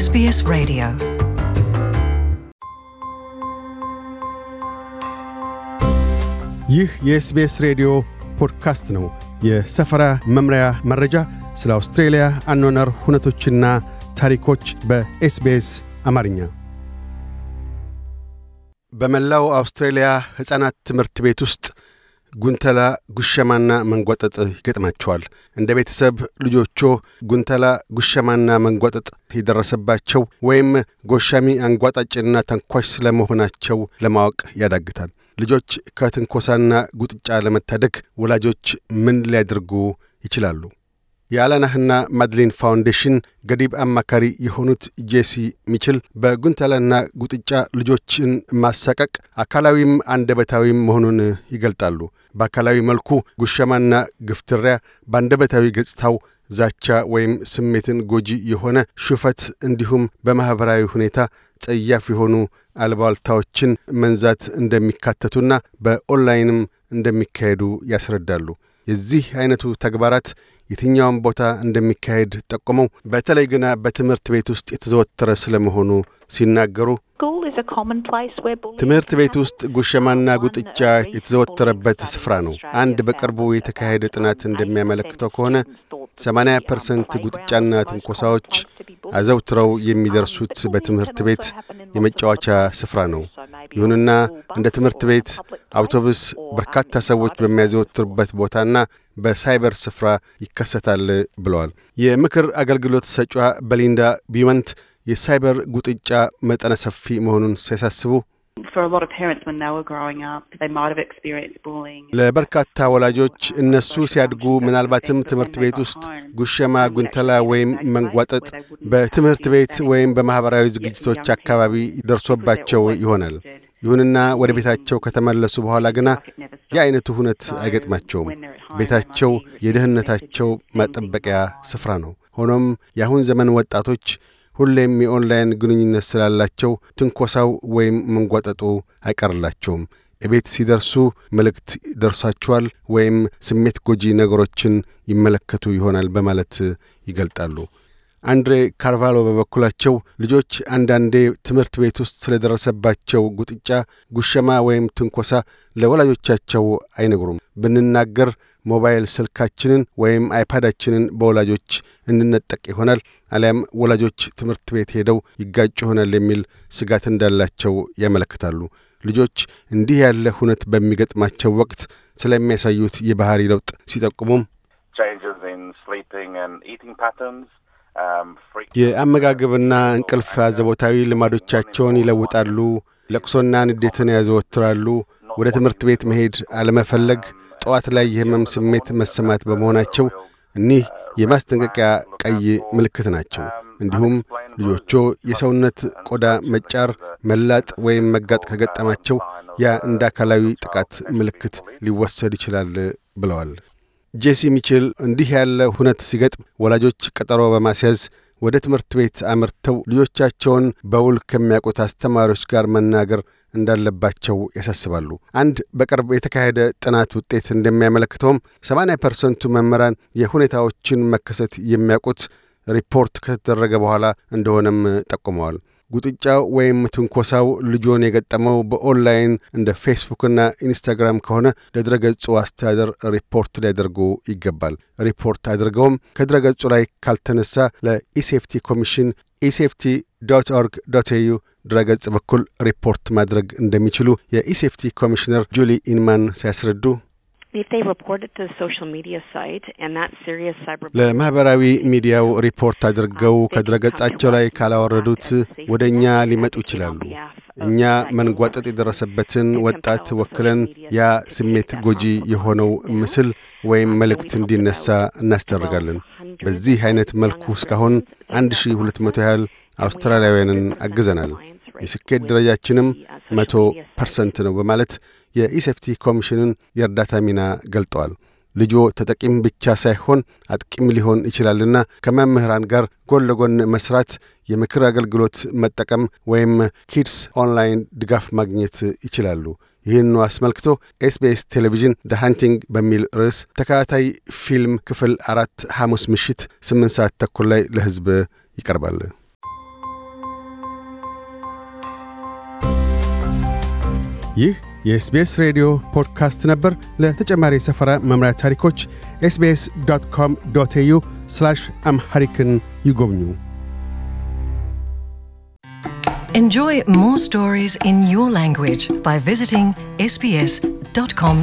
ኤስቢኤስ Radio. ይህ የኤስቢኤስ ሬዲዮ ፖድካስት ነው። የሰፈራ መምሪያ መረጃ፣ ስለ አውስትሬልያ አኗኗር ሁነቶችና ታሪኮች በኤስቢኤስ አማርኛ። በመላው አውስትሬልያ ሕፃናት ትምህርት ቤት ውስጥ ጉንተላ፣ ጉሸማና መንጓጠጥ ይገጥማቸዋል። እንደ ቤተሰብ ልጆቹ ጉንተላ፣ ጉሸማና መንጓጠጥ የደረሰባቸው ወይም ጎሻሚ አንጓጣጭና ተንኳሽ ስለመሆናቸው ለማወቅ ያዳግታል። ልጆች ከትንኮሳና ጉጥጫ ለመታደግ ወላጆች ምን ሊያደርጉ ይችላሉ? የአላናህና ማድሊን ፋውንዴሽን ገዲብ አማካሪ የሆኑት ጄሲ ሚችል በጉንተላና ጉጥጫ ልጆችን ማሳቀቅ አካላዊም አንደበታዊም መሆኑን ይገልጣሉ። በአካላዊ መልኩ ጉሸማና ግፍትሪያ፣ በአንደበታዊ ገጽታው ዛቻ ወይም ስሜትን ጎጂ የሆነ ሹፈት፣ እንዲሁም በማኅበራዊ ሁኔታ ጸያፍ የሆኑ አልባልታዎችን መንዛት እንደሚካተቱና በኦንላይንም እንደሚካሄዱ ያስረዳሉ። የዚህ አይነቱ ተግባራት የትኛውም ቦታ እንደሚካሄድ ጠቁመው በተለይ ግና በትምህርት ቤት ውስጥ የተዘወተረ ስለመሆኑ ሲናገሩ ትምህርት ቤት ውስጥ ጉሸማና ጉጥጫ የተዘወተረበት ስፍራ ነው። አንድ በቅርቡ የተካሄደ ጥናት እንደሚያመለክተው ከሆነ 80 ፐርሰንት ጉጥጫና ትንኮሳዎች አዘውትረው የሚደርሱት በትምህርት ቤት የመጫወቻ ስፍራ ነው። ይሁንና እንደ ትምህርት ቤት፣ አውቶቡስ፣ በርካታ ሰዎች በሚያዘወትሩበት ቦታና በሳይበር ስፍራ ይከሰታል ብለዋል። የምክር አገልግሎት ሰጯ በሊንዳ ቢመንት የሳይበር ጉጥጫ መጠነ ሰፊ መሆኑን ሲያሳስቡ ለበርካታ ወላጆች እነሱ ሲያድጉ ምናልባትም ትምህርት ቤት ውስጥ ጉሸማ፣ ጉንተላ ወይም መንጓጠጥ በትምህርት ቤት ወይም በማኅበራዊ ዝግጅቶች አካባቢ ደርሶባቸው ይሆናል። ይሁንና ወደ ቤታቸው ከተመለሱ በኋላ ግና የአይነቱ ሁነት አይገጥማቸውም። ቤታቸው የደህንነታቸው ማጠበቂያ ስፍራ ነው። ሆኖም የአሁን ዘመን ወጣቶች ሁሌም የኦንላይን ግንኙነት ስላላቸው ትንኮሳው ወይም መንጓጠጡ አይቀርላቸውም። እቤት ሲደርሱ መልእክት ደርሷቸዋል ወይም ስሜት ጎጂ ነገሮችን ይመለከቱ ይሆናል በማለት ይገልጣሉ። አንድሬ ካርቫሎ በበኩላቸው ልጆች አንዳንዴ ትምህርት ቤት ውስጥ ስለደረሰባቸው ጉጥጫ፣ ጉሸማ ወይም ትንኮሳ ለወላጆቻቸው አይነግሩም። ብንናገር ሞባይል ስልካችንን ወይም አይፓዳችንን በወላጆች እንነጠቅ ይሆናል አሊያም ወላጆች ትምህርት ቤት ሄደው ይጋጩ ይሆናል የሚል ስጋት እንዳላቸው ያመለክታሉ። ልጆች እንዲህ ያለ ሁነት በሚገጥማቸው ወቅት ስለሚያሳዩት የባህሪ ለውጥ ሲጠቁሙም um, የአመጋገብና እንቅልፍ uh, አዘቦታዊ ልማዶቻቸውን ይለውጣሉ፣ ለቅሶና ንዴትን ያዘወትራሉ፣ ወደ ትምህርት ቤት መሄድ አለመፈለግ ጠዋት ላይ የህመም ስሜት መሰማት በመሆናቸው እኒህ የማስጠንቀቂያ ቀይ ምልክት ናቸው። እንዲሁም ልጆቹ የሰውነት ቆዳ መጫር፣ መላጥ ወይም መጋጥ ከገጠማቸው ያ እንደ አካላዊ ጥቃት ምልክት ሊወሰድ ይችላል ብለዋል። ጄሲ ሚችል እንዲህ ያለ ሁነት ሲገጥም ወላጆች ቀጠሮ በማስያዝ ወደ ትምህርት ቤት አምርተው ልጆቻቸውን በውል ከሚያውቁት አስተማሪዎች ጋር መናገር እንዳለባቸው ያሳስባሉ። አንድ በቅርብ የተካሄደ ጥናት ውጤት እንደሚያመለክተውም 80 ፐርሰንቱ መምህራን የሁኔታዎችን መከሰት የሚያውቁት ሪፖርት ከተደረገ በኋላ እንደሆነም ጠቁመዋል። ጉጥጫው ወይም ትንኮሳው ልጆን የገጠመው በኦንላይን እንደ ፌስቡክና ኢንስታግራም ከሆነ ለድረገጹ አስተዳደር ሪፖርት ሊያደርጉ ይገባል። ሪፖርት አድርገውም ከድረገጹ ላይ ካልተነሳ ለኢሴፍቲ ኮሚሽን ኢሴፍቲ ዶት ኦርግ ዶት ኤዩ ድረገጽ በኩል ሪፖርት ማድረግ እንደሚችሉ የኢሴፍቲ ኮሚሽነር ጁሊ ኢንማን ሲያስረዱ ለማህበራዊ ሚዲያው ሪፖርት um, አድርገው ከድረገጻቸው ላይ ካላወረዱት ወደ እኛ ሊመጡ ይችላሉ። እኛ መንጓጠጥ የደረሰበትን ወጣት ወክለን ያ ስሜት ጎጂ የሆነው ምስል ወይም መልእክት እንዲነሳ እናስደርጋለን። በዚህ አይነት መልኩ እስካሁን 1200 ያህል አውስትራሊያውያንን አግዘናል። የስኬት ደረጃችንም uh, መቶ ፐርሰንት ነው በማለት የኢሴፍቲ ኮሚሽንን የእርዳታ ሚና ገልጠዋል። ልጆ ተጠቂም ብቻ ሳይሆን አጥቂም ሊሆን ይችላልና ከመምህራን ጋር ጎን ለጎን መስራት፣ የምክር አገልግሎት መጠቀም ወይም ኪድስ ኦንላይን ድጋፍ ማግኘት ይችላሉ። ይህንኑ አስመልክቶ ኤስቢኤስ ቴሌቪዥን ደ ሃንቲንግ በሚል ርዕስ ተከታታይ ፊልም ክፍል አራት ሐሙስ ምሽት ስምንት ሰዓት ተኩል ላይ ለሕዝብ ይቀርባል። ይህ የኤስቤስ ሬዲዮ ፖድካስት ነበር። ለተጨማሪ የሰፈራ መምሪያ ታሪኮች ኤስቤስ ዶት ኮም ዶት ኤዩ ስላሽ አምሐሪክን ይጎብኙ። Enjoy more stories in your language by visiting sbs.com.au.